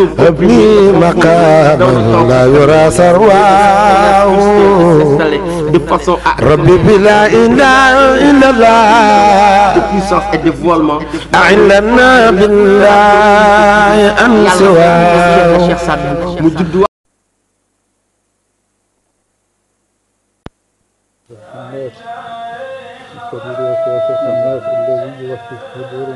ابني مقاما لا يرى سرواه ربي بلا إله إلا الله أعلنا بالله أن سواه الذي يوفي الصدور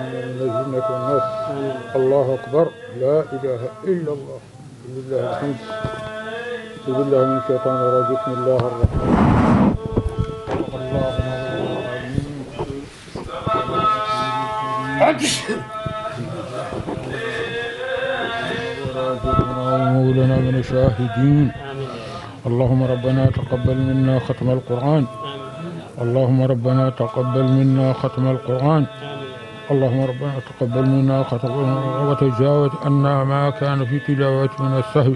الله أكبر لا إله إلا الله لله الحمد أعوذ من الشيطان الرجيم بسم الله الرحمن الرحيم مولانا من الشاهدين اللهم ربنا تقبل منا ختم القرآن اللهم ربنا تقبل منا ختم القرآن اللهم ربنا تقبل منا خطأنا وتجاوز عنا ما كان في تلاوة من السهو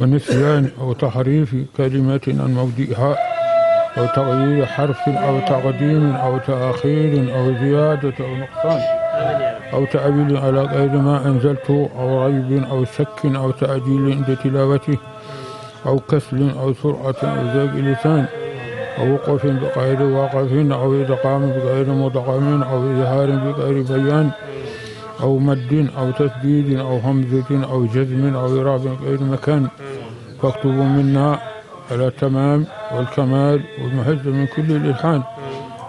ونسيان أو تحريف كلمة عن موضعها أو تغيير حرف أو تقديم أو تأخير أو زيادة أو نقصان أو تأويل على غير ما أنزلته أو ريب أو شك أو تأجيل عند تلاوته أو كسل أو سرعة أو زيغ لسان ووقف بغير واقف أو إدقام بغير مدقم أو إظهار بغير بيان أو مد أو تسديد أو همزة أو جزم أو إراب غير مكان فاكتبوا منا على التمام والكمال والمهز من كل الإلحان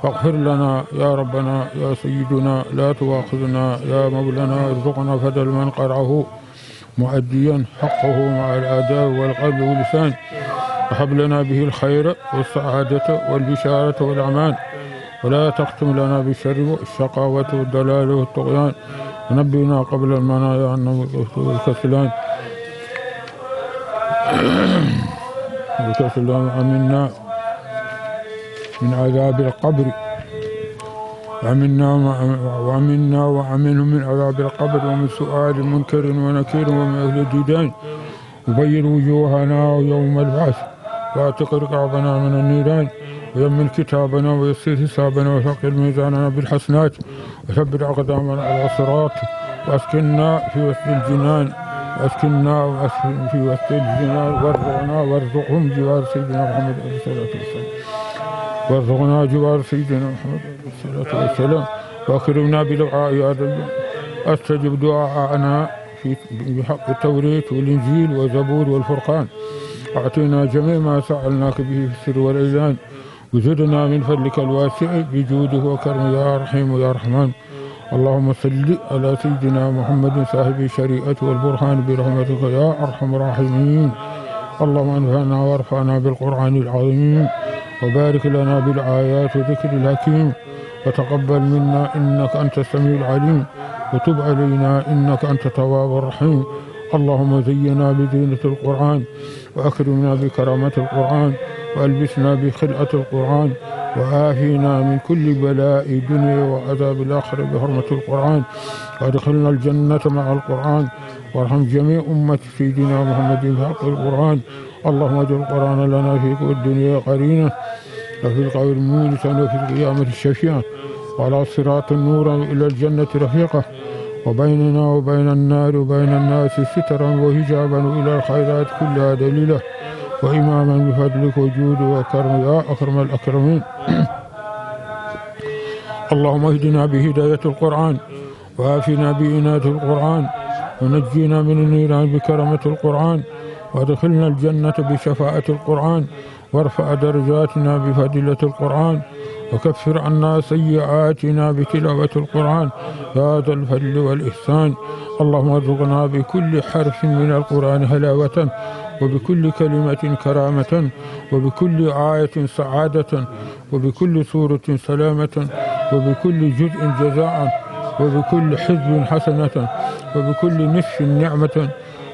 فاغفر لنا يا ربنا يا سيدنا لا تواخذنا يا مولانا ارزقنا فدل من قرعه مؤديا حقه مع الأداء والقلب واللسان وهب لنا به الخير والسعادة والبشارة والأمان ولا تختم لنا بالشر والشقاوة والدلال والطغيان ونبينا قبل المنايا عن الكسلان الكسلان أمنا من عذاب القبر وعملنا وعملنا وعملهم من عذاب القبر ومن سؤال منكر ونكير ومن أهل الديدان يبين وجوهنا يوم البعث واعتق رقابنا من النيران ويمن كتابنا ويسير حسابنا وثقل ميزاننا بالحسنات وثبت أقدامنا على الصراط وأسكننا في وسط الجنان وأسكننا في وسط الجنان وارزقنا وارزقهم جوار سيدنا محمد عليه الصلاة والسلام وارزقنا جوار سيدنا محمد عليه الصلاة والسلام وأكرمنا بدعاء يا رب أستجب دعاءنا في بحق التوريث والإنجيل والزبور والفرقان أعطينا جميع ما سألناك به في السر والإذان وزدنا من فضلك الواسع بجوده وكرمه يا رحيم يا رحمن اللهم صل على سيدنا محمد صاحب الشريعة والبرهان برحمتك يا أرحم الراحمين اللهم انفعنا وارفعنا بالقرآن العظيم وبارك لنا بالآيات وذكر الحكيم وتقبل منا إنك أنت السميع العليم وتب علينا إنك أنت التواب الرحيم اللهم زينا بزينة القرآن وأكرمنا بكرامة القرآن وألبسنا بخلعة القرآن وآهينا من كل بلاء دنيا وعذاب الآخرة بحرمة القرآن وأدخلنا الجنة مع القرآن وارحم جميع أمة سيدنا محمد بحق القرآن اللهم اجعل القرآن لنا في الدنيا قرينا وفي القبر مونسا وفي القيامة شفيعا وعلى صراط النور إلى الجنة رفيقه وبيننا وبين النار وبين الناس سترا وحجابا إلى الخيرات كلها دليلة وإماما بفضلك وجود وكرم يا أكرم الأكرمين اللهم اهدنا بهداية القرآن وآفنا بإناث القرآن ونجينا من النيران بكرمة القرآن وادخلنا الجنة بشفاعة القرآن وارفع درجاتنا بفضيلة القرآن وكفر عنا سيئاتنا بتلاوة القرآن هذا الفضل والإحسان اللهم ارزقنا بكل حرف من القرآن هلاوة وبكل كلمة كرامة وبكل آية سعادة وبكل سورة سلامة وبكل جزء جزاء وبكل حزب حسنة وبكل نفس نعمة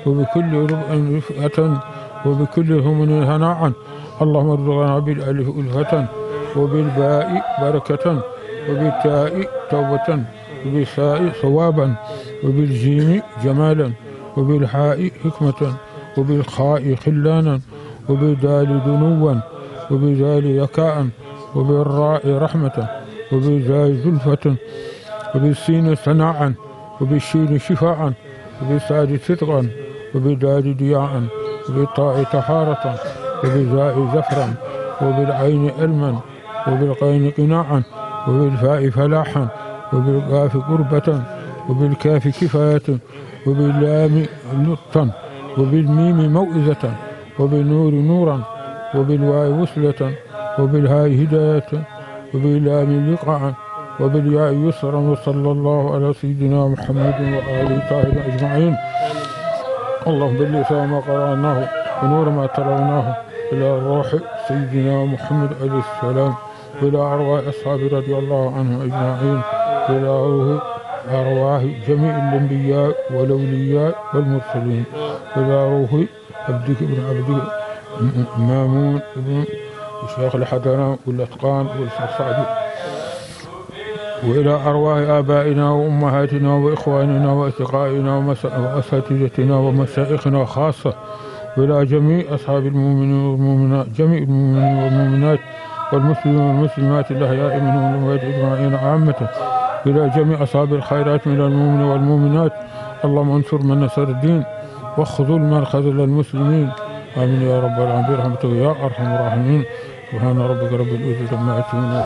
وبكل ربع رفعة وبكل هم هناء اللهم ارزقنا بالألف ألفة وبالباء بركة وبالتاء توبة وبالساء صوابا وبالجيم جمالا وبالحاء حكمة وبالخاء خلانا وبالدال دنوا وبالدال يكاء وبالراء رحمة وبالزاي زلفة وبالسين صناعا وبالشين شفاعا وبالساد صدقا وبالدال ضياعا وبالطاء طهارة وبالزاء زفرا وبالعين علما وبالقين قناعا وبالفاء فلاحا وبالقاف قربة وبالكاف كفاية وباللام نطا وبالميم موئزة وبالنور نورا وبالواو وصلة وبالهاء هداية وباللام لقعا وبالياء يسرا وصلى الله على سيدنا محمد وآله الطاهرين أجمعين اللهم بلغ ما قرأناه ونور ما تلوناه إلى روح سيدنا محمد عليه السلام إلى أرواح أصحابه رضي الله عنهم أجمعين إلى أرواح جميع الأنبياء والأولياء والمرسلين إلى روح عبدك بن عبدك مامون بن شيخ الحضرام والأتقان والصعد وإلى أرواح آبائنا وأمهاتنا وإخواننا وأصدقائنا وأساتذتنا ومشايخنا خاصة وإلى جميع أصحاب المؤمنين والمؤمنات جميع المؤمنين والمؤمنات والمسلمين والمسلمات الأحياء منهم ويجعل أجمعين عامته إلى جميع أصحاب الخيرات من المؤمن والمؤمنات اللهم انصر من نصر الدين واخذل من خذل المسلمين آمين يا رب العالمين برحمتك يا أرحم الراحمين سبحان ربك رب العزة عما يصفون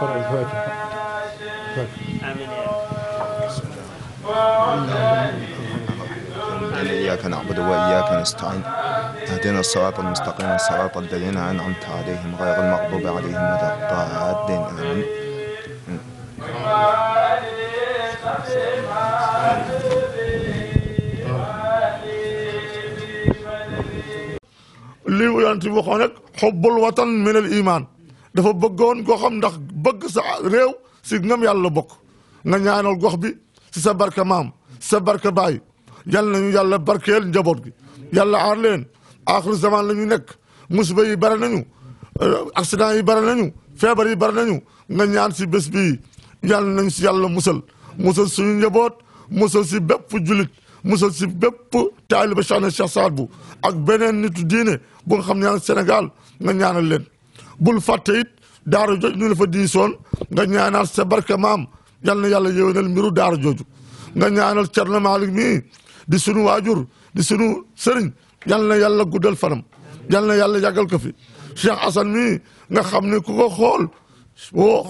قرأ آمين إياك نعبد وإياك نستعين اهدنا الصراط المستقيم الصراط الذين أنعمت عليهم غير المغضوب عليهم ولا الضالين آمين lii yonent bi waxoon rek xubbul watan min al iman dafa bëggoon goxam ndax bëgg sa réew si ngëm yàlla bokk nga ñaanal gox bi si sa barke maam sa barke baay yal nañu yàlla barkeel njaboot gi yàlla aar leen aaxiru zaman la ñu nekk musiba yi bare nañu euh, accident yi bare nañu feebar yi bare nañu nga ñaan si bés bi yàlla nañ si yàlla musal musal suñu njaboot musal si bépp julit musal si bépp taaliba Cheikhna Cheikh Saad Bou ak beneen nitu diine bu nga xam ne yaa Sénégal nga ñaanal leen bul fàtte it daara jooju ñu la fa diisoon nga ñaanal sa barke maam yal na yàlla yéwénal mbiru daar jooju nga ñaanal Cerno Malick mii di sunu waajur di sunu sëriñ yal na yàlla guddal fanam yal na yàlla yàggal ko fi Cheikh Assane mi nga xam ne ku ko xool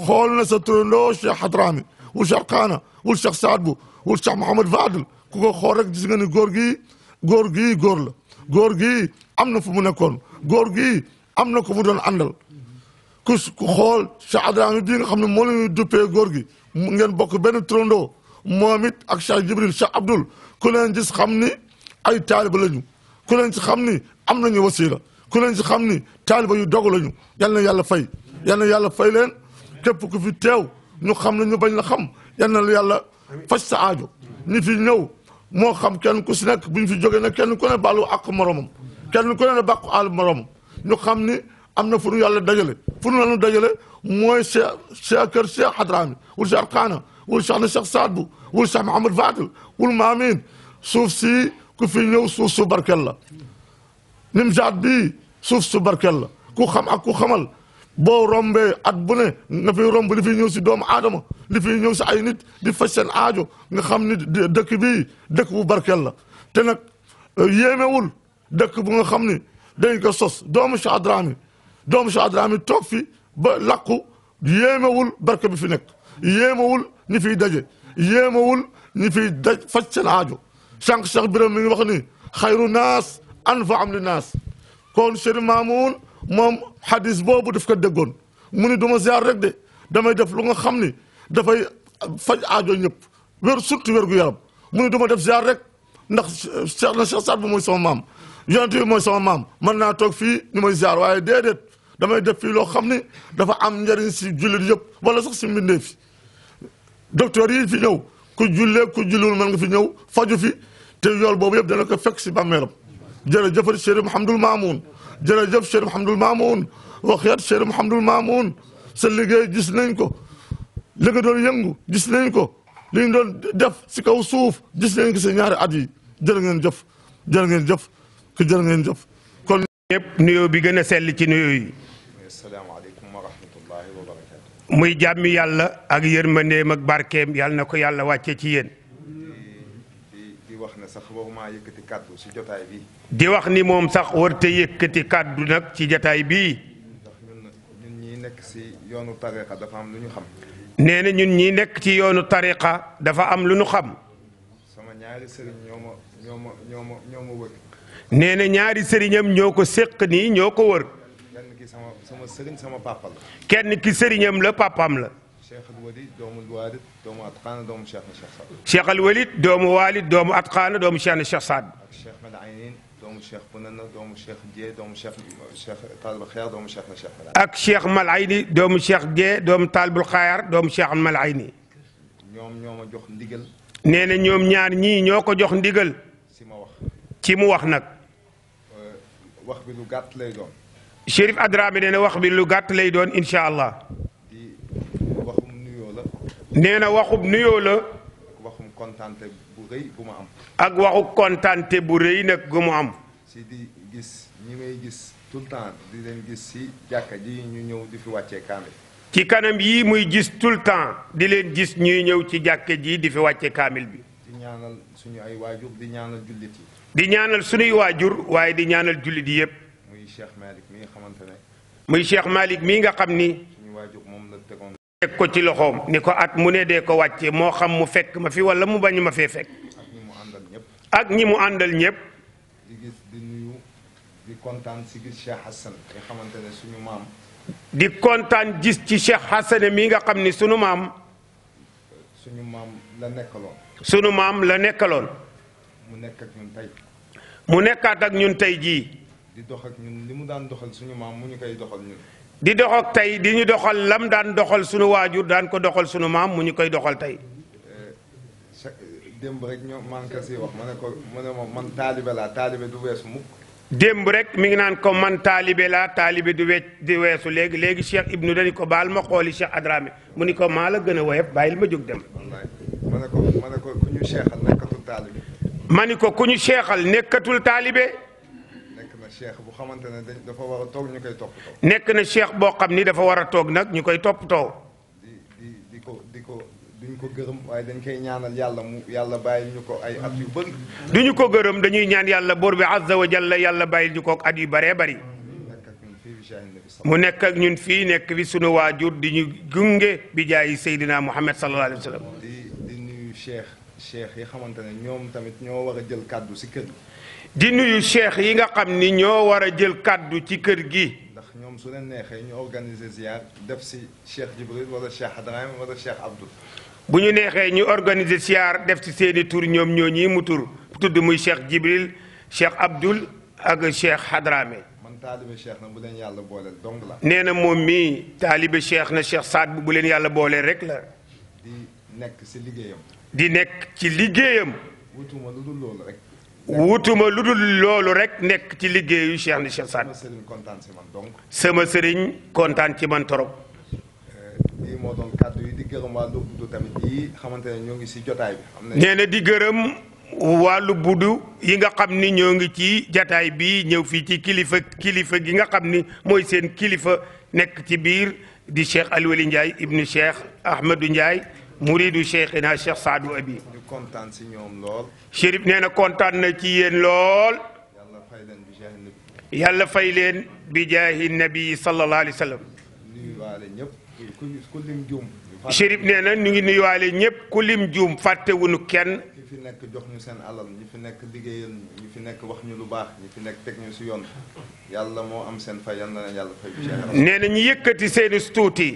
xool na sa turandoo Cheikh Hadrami wul Cheikh Kaana wul Cheikh Saad Bou wul Cheikh Mouhamed Fadel ku ko xool rek gis nga ni góor gii góor gii góor la góor gi am na fu mu nekkoon góor gi am na ku mu doon àndal ku xool Cheikh Hadrami bii nga xam ne moo la ñuy duppee góor gi ngeen bokk benn turandoo moom it ak Cheikh Jibril Cheikh Abdoul ku leen gis xam ni ay taaliba lañu ku leen ci xam ni am nañu wasiila ku leen ci xam ni taaliba yu dogu lañu yal na yàlla fay yal na yàlla fay leen képp ku fi teew ñu xam la ñu bañ la xam yal na yàlla faj sa aajo ñi fi ñëw moo xam kenn ku si nekk bu ñu fi jógee nag kenn ku ne baalu ak moromam kenn ku ne ne bàqu al moromam ñu xam ni am na fu nu yàlla dajale fu nu lanu dajale mooy se se kër Cheikh Hadrami wul Cheikh Arkaana wul Cheikh na Cheikh Saad Bou wul Cheikh Mahamad Fadil wul Maamin suuf si كفيني وصو سوبرك الله نمجاد بي سوف سوبرك الله كو خم اكو خمل بو رومبي ادبوني نفي رومب لي في نيوسي دوم ادمو لي في نيوس اي نيت دي فاشن اديو نغا خم ني دك بي دك بو برك الله تي نك ييمهول دك بو نغا خم ني دنج كو سوس دوم شادرامي دوم شادرامي توك في با لاكو ييمهول برك بي في نك ييمهول ني في داجي ييمهول ني في داج فاشن اديو sank sax Birame mi wax ni khayru nas anfaam li nas kon Chérif Mamoun mom hadith bobu daf ko déggoon muni duma ziar rek de damay def lu nga xamni da fay faj ajo ñep wér surtout wér gu yaram muni duma def ziar rek ndax Cheikh na Cheikh Saad bu moy sama mam yonent moy sama mam man na tok fi ni moy ziar waye dedet damay def fi lo xamni ni dafa am ndariñ ci julit yep wala sax ci mbindee fi docteur yi fi ñëw ku julle ku julul man nga fi ñëw faju fi تيزول بوب يبدا لك فكسي بامير جل جفر الشير محمد المامون جل جفر الشير محمد المامون وخير الشير محمد المامون سلقي جسنينكو لقدر ينجو جسنينكو لين دف سكو صوف جسنينكو سنيار ادي جرنين جف جرنين جف كجرنين جف كل يب نيو بيغنى سالي تنوي السلام عليكم ورحمة الله وبركاته مي جامي يالا اغير مني مكباركيم يالنكو يالا واتشيين يال wax ne sax waruma yëkkati kàddu ci jotaay bi. di wax ni moom sax warut a yëkkati kàddu nag ci jotaay bii. ndax ñun ñun ñii nekk ci yoonu tariqa dafa am lu ñu xam. nee na ñun ñii nekk ci yoonu tariqa dafa am lu ñu xam. sama ñaari sëriñ ñoo ñoo ma ñoo ma na ñaari sëriñam ñoo ko séq nii ñoo ko wër. kenn ki sama sëriñam la papam la. شيخ الوليد دوم الوالد دوم اتقان دوم شيخ الشيخ صاد شيخ الوليد دوم والد دوم اتقان دوم شيخ الشيخ صاد الشيخ ملعينين دوم الشيخ بننا دوم الشيخ دي دوم الشيخ طالب الخير دوم الشيخ الشيخ ملعيني اك شيخ ملعيني دوم الشيخ دي دوم طالب الخير دوم الشيخ ملعيني نيوم نيوم جوخ ديغل نينا نيوم نيار ني نيوكو جوخ ديغل سيما واخ تي مو واخ نك واخ بي لو غات لي دون شريف ادرامي دينا واخ بي لو غات لي دون ان شاء الله nee na waxub nuyoo la. waxum kontante bu rëy bu ma am. ak waxu kontante bu rëy nag gu mu am. si di gis ñi may gis tout le temps di leen gis si jàkka ji ñu ñëw di fi wàccee kaamil. ci kanam yii muy gis tout le temps di leen gis ñuy ñëw ci jàkka ji di fi wàcce kaamil bi. di ñaanal suñu ay waajur di ñaanal di ñaanal suñuy waajur waaye di ñaanal jullit yi yëpp. muy Cheikh Malick mi nga xamante ne. muy Cheikh Malick mii nga xam ni. suñu waajur moom la tegoon teg ko ci loxoom ni ko at mu ne dee ko wàccee moo xam mu fekk ma fi wala mu bañ ma fee fekk ak ñi ñëpp di gis di nuyu di kontaan si gis xamante ne suñu maam di kontaan gis ci Cheikh Hassan mi nga xam ni suñu maam suñu maam la nekkaloon suñu maam la nekkaloon mu nekk mu nekkaat ak ñun tey jii di dox ak ñun li mu daan doxal suñu maam mu ñu koy doxal ñun di dox tey di ñu doxal lam daan doxal sunu waajur daan ko doxal sunu maam mu ñu koy doxal tey. Eh, démb rek ñoom maa ngi ko ma ne ko man taalibe laa taalibe du weesu mukk. démb rek mi ngi naan ko man taalibe laa taalibe du di weesu léegi léegi Cheikh Ibnu dañu ko baal ma xooli Cheikh Adramé mu ni ko maa la gën a woyef bàyyil ma jóg dem. ma ni ko ku ñu seexal nekkatul taalibe. cheikh bu xamantene dafa wara tok ñukay top top nek na cheikh bo xam ni dafa wara tok nak ñukay top top di di di ko di duñ ko gërëm waaye dañ koy ñaanal yàlla mu yàlla bàyyil ñu ay at yu bëri. duñu ko gërëm dañuy ñaan yàlla boor bi azza wa jalla yàlla bàyyil ñu at yu bëree bëri. mu nekk ak ñun fi nek fi sunu wajur di ñu gunge bi jaay sayidina Muhammad sallallahu alaihi wasallam di di nuyu cheikh cheikh yi xamantene ñom tamit ñoo wara jël kàddu ci kër di nuyu cheikh yi nga xam ni ñoo war a jël kàddu ci kër gi. ndax ñoom su leen neexee ñu organiser ziar def si cheikh Jibril wala cheikh Adraim bu ñu neexee ñu organiser ziar def si seeni tur ñoom ñoo ñii mu tur tudd muy cheikh Jibril cheikh Abdoul ak cheikh Adrame. man taalibe cheikh na bu leen yàlla booleel dong nee na moom mii taalibe cheikh na cheikh Saad bu bu leen yàlla booleel rek la. di nekk si liggéeyam. di nekk ci liggéeyam. wutuma lu dul loolu rek. wutuma lu dul loolu rek nekk ci liggéeyu Cheikh ni Cheikh Saad sama sëriñ kontaan ci man torop euh, lii xamante ne ñoo ngi ci jotaay bi di gërëm wàllu buddu yi nga xam ni ñoo ngi ci jotaay bi ñëw fii ci kilifa kilifa gi nga xam ni mooy seen kilifa nekk ci biir di Cheikh Aliwali Ndiaye ibnu Cheikh Ahmadou Ndiaye muridu Cheikhina Cheikh Saadu Abi kontaan si ñoom lool. Chérif nee na kontaan na ci yéen lool. yàlla fay leen bi jaahi nabi. yàlla fay leen bi jaahi nabi sallallahu alayhi wa sallam. nuyuwaale ñëpp ku ku juum. Chérif nee na ñu ngi nuyuwaale ñëpp ku lim juum fàttewuñu kenn. ñi fi nekk jox seen alal ñi fi nekk liggéeyal ñi fi nekk wax ñu lu baax ñi fi nekk teg ñu si yoon. yàlla moo am seen fay yal na nee na ñu yëkkati seen i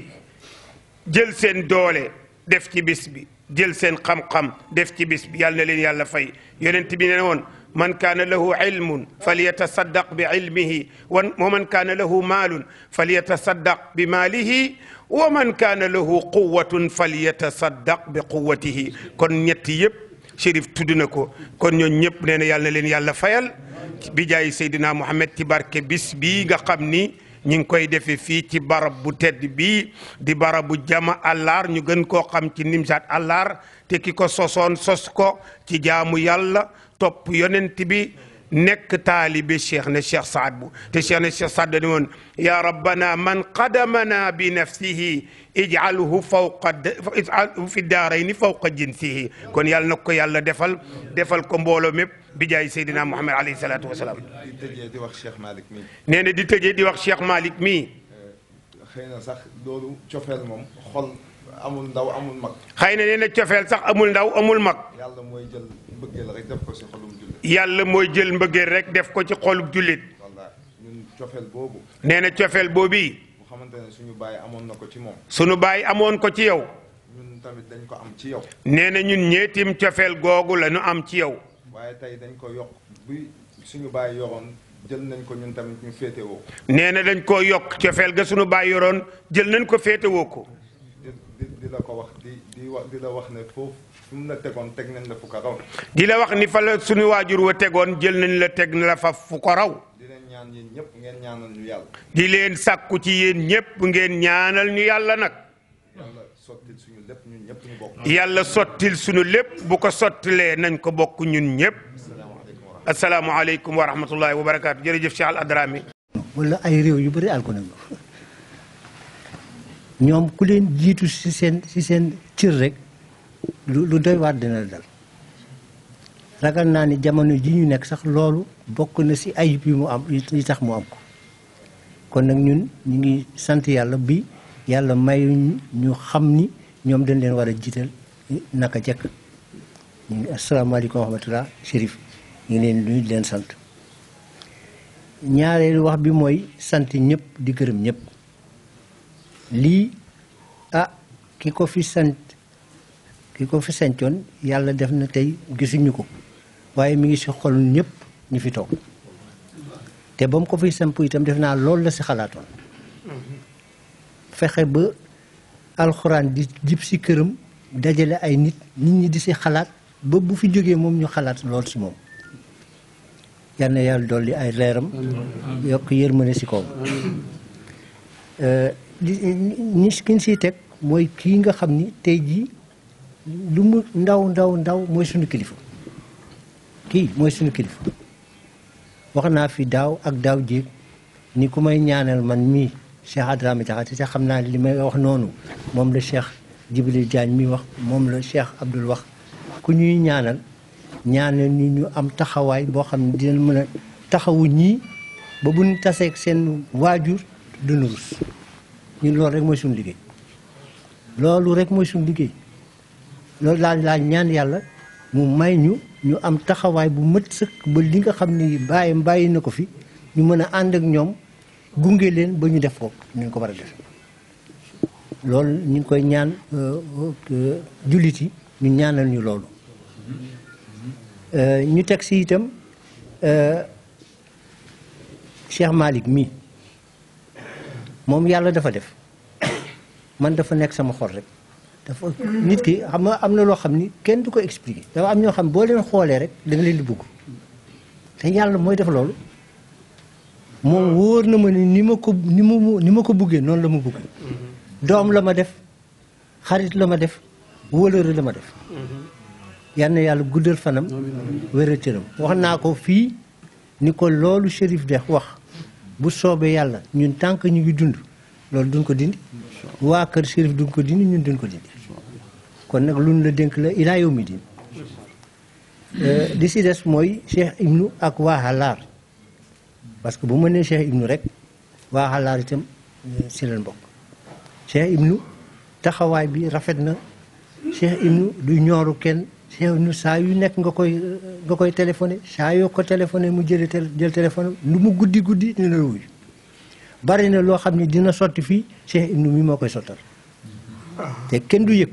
jël seen doole. def ci bis bi jël seen xam-xam def ci bis bi yàlla na leen yàlla fay yonent bi ne woon man kaana lahu ilmun falyatasaddaq bi ilmihi wa man kaana lahu maalun falyatasaddaq bi maalihi wa man kaana lahu quwatun falyatasaddaq bi quwatihi kon ñett yëpp Chérif tudd na ko kon ñooñu ñëpp nee na yàlla na leen yàlla fayal bi jaay Seydina Mouhamed ci barke bis bii nga xam ni ñu ngi koy defee fii ci barab bu tedd bii di barabu jama àllar ñu gën koo xam ci nimsaat àllar te ki ko sosoon sos ko ci jaamu yàlla topp yonent bi نك طالب الشيخ الشيخ سعد بو تشيخ الشيخ سعد دون يا ربنا من قدمنا بنفسه اجعله فوق اجعله في الدارين فوق جنسه كون يال نكو يالا ديفال ديفال كو مbolo بجاي سيدنا محمد عليه الصلاه والسلام ني دي تجي دي واخ شيخ مالك مي خينا صح دودو تشوفال موم خول امول داو امول مك خينا نينا تشوفال صح امول داو امول مك يالا موي جيل بغي لا رك ديف كو سي yàlla mooy jël mbëggeel rek def ko ci xolub jullit. nee na cofeel boobu. xamante ne suñu baay amoon na ko ci moom. suñu baay amoon ko ci yow. ñun tamit dañ ko am ci yow. nee na ñun ñeetim cofeel googu la ñu am ci yow. waaye tey dañ ko yokk suñu baay yoroon jël nañ ko ñun tamit ñu nee na dañ koo yokk cofeel ga suñu baay yoroon jël nañ ko féetewoo ko. di la ko wax di la wax ne foofu fu mu teg nañ la fu ko raw. wax ni fa suñu waajur wa tegoon jël nañu la teg na la fa fu ko raw. di leen ñaan yéen ñëpp ngeen ñaanal ñu yàlla. di leen sàkku ci yéen ñëpp ngeen ñaanal ñu yàlla nag. yàlla sottil suñu lépp yàlla sottil suñu lépp bu ko sottilee nañ ko bokk ñun ñëpp. asalaamaaleykum wa rahmatullahi wa barakaatu jëf Cheikh Al Adrami. wala ay réew yu bari alko nañ ko ñoom ku leen jiitu si seen si seen cër rek. lu doy waar dina dal ragal naa ni jamono ji ñu nekk sax loolu bokk na ci ayib yi mu am yi tax mu am ko kon nag ñun ñu ngi sant yàlla bi yàlla mayuñ ñu xam ni ñoom dañ leen war a jiital naka jekk ñu ngi asalaamaaleykum wa rahmatullah Chérif ñu leen nuyu leen sant ñaareelu wax bi mooy sant ñëpp di gërëm ñëpp lii ah ki ko fi sant ki ko fi sencoon yàlla def na tey gisuñu ko waaye mi ngi si xol ñëpp ñu fi toog te ba mu ko fi samp itam def naa loolu la si xalaatoon fexe ba alxuraan di jib si këram dajale ay nit nit ñi di si xalaat ba bu fi jógee moom ñu xalaat lool si moom yal na yàlla dolli ay leeram yokk yërmande si kawam ni kin siy teg mooy kii nga xam ni tey jii lu mu ndaw ndaw ndaw mooy suñu kilifa kii mooy suñu kilifa wax naa fi daaw ak daaw jéeg ni ku may ñaanal man mii Cheikh Adrame Diakhaté te xam naa li may wax noonu moom la Cheikh Djibril Diagne mi wax moom la Cheikh Abdoul wax ku ñuy ñaanal ñaanal ni ñu am taxawaay boo xam ne dinañ mën a taxawu ñii ba bu ñu taseeg seen waajur dunu rus ñun loolu rek mooy suñu liggéey loolu rek mooy suñu liggéey loolu laa laa ñaan yàlla mu may ñu ñu am taxawaay bu mët sëkk ba li nga xam ni bàyyam bàyyi na ko fi ñu mën a ànd ak ñoom gunge leen ba ñu def ko ñu ko war a def loolu ñu koy ñaan euh, euh, euh, jullit yi ñu ñaanal ñu loolu ñu teg si itam Cheikh malik mii moom yàlla dafa def man dafa nekk sama xor rek dafa nit ki xam nga am na loo xam ni kenn du ko expliquer dafa am ñoo xam boo leen xoolee rek da leen di bëgg te yàlla mooy def loolu moom wóor na ma ni ni ma ko ni ma ni ma ko buggee noonu la ma bëgg doom la ma def xarit la ma def wóolóore la ma def yal yàlla guddal fanam wéra cëram wax naa ko fii ni ko loolu Chérif de wax bu soobee yàlla ñun tànk ñu ngi dund loolu duñ ko dindi waa kër Chérif duñ ko dindi ñun duñ ko dindi kon nag lu ñu la dénk la ilaa yow mi din euh, li si des mooy Cheikh Ibnu ak waa Halaar parce que bu ma nee Cheikh Ibnu rek waa Halaar itam euh, si leen bokk Cheikh Ibnu taxawaay bi rafet na Cheikh Ibnu du ñooru kenn Cheikh Ibnu saa yu nekk nga koy nga koy téléphoné saa yoo ko téléphoné mu jël jël téléphone lu mu guddi guddi dina wuy bari na loo xam ni dina sotti fii Cheikh Ibnu mi moo koy sottal te kenn du yëg.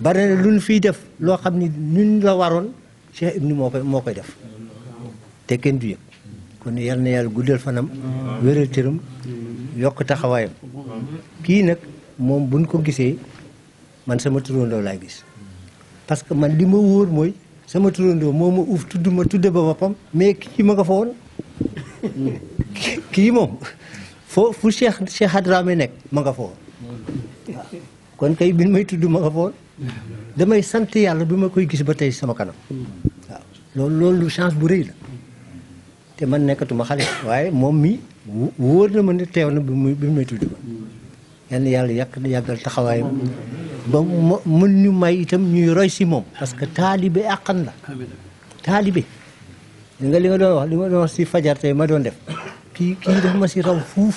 bari na lu ñu fiy def loo xam ni ñun la waroon Cheikh Ibnu moo koy moo koy def te kenn du yëg kon yal na yàlla guddal fanam wéral cëram yokk taxawaayam kii nag moom buñ ko gisee man sama turandoo laa gis parce que man li ma wóor mooy sama turandoo moo ma uuf tudd ma tudde ba boppam mais kii ma nga fa woon kii moom foo fu Cheikh Cheikh nekk ma nga fa woon kon kay bi may tudd ma nga foon damay sant yàlla bi ma koy gis ba tey sama kanam waaw loolu loolu chance bu rëy la te man nekkatuma xale waaye moom mi wóor na ma ne teew na bi muy bi may tudd ma yàlla yàq yàggal taxawaayam ba mën ñu may itam ñuy roy si moom parce que taalibe àqan la taalibe li nga li nga doon wax li ma doon wax si fajar tey ma doon def kii kii daf ma si raw fuuf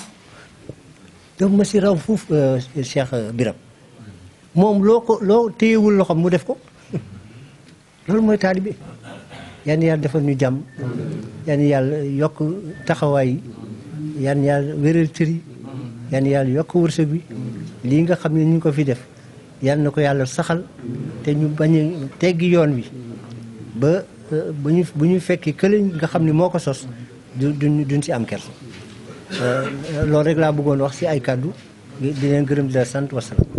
daf ma si raw fuuf euh, Cheikh Biram moom loo ko loo téyewul loxoom mu def ko loolu mooy taalibe yan yàlla defal ñu jàmm yan yàlla yokk taxawaay yi yan yàlla wéral cër yi yan yàlla yokk wërsëg bi lii nga xam ne ñu ko fi def yan na ko yàlla saxal te ñu bañ a teggi yoon wi ba bu ñu bu ñu fekki kële nga xam ni moo ko sos du duñ si am kersa euh, loolu rek laa bëggoon wax si ay kàddu di leen gërëm di la sant wasalaam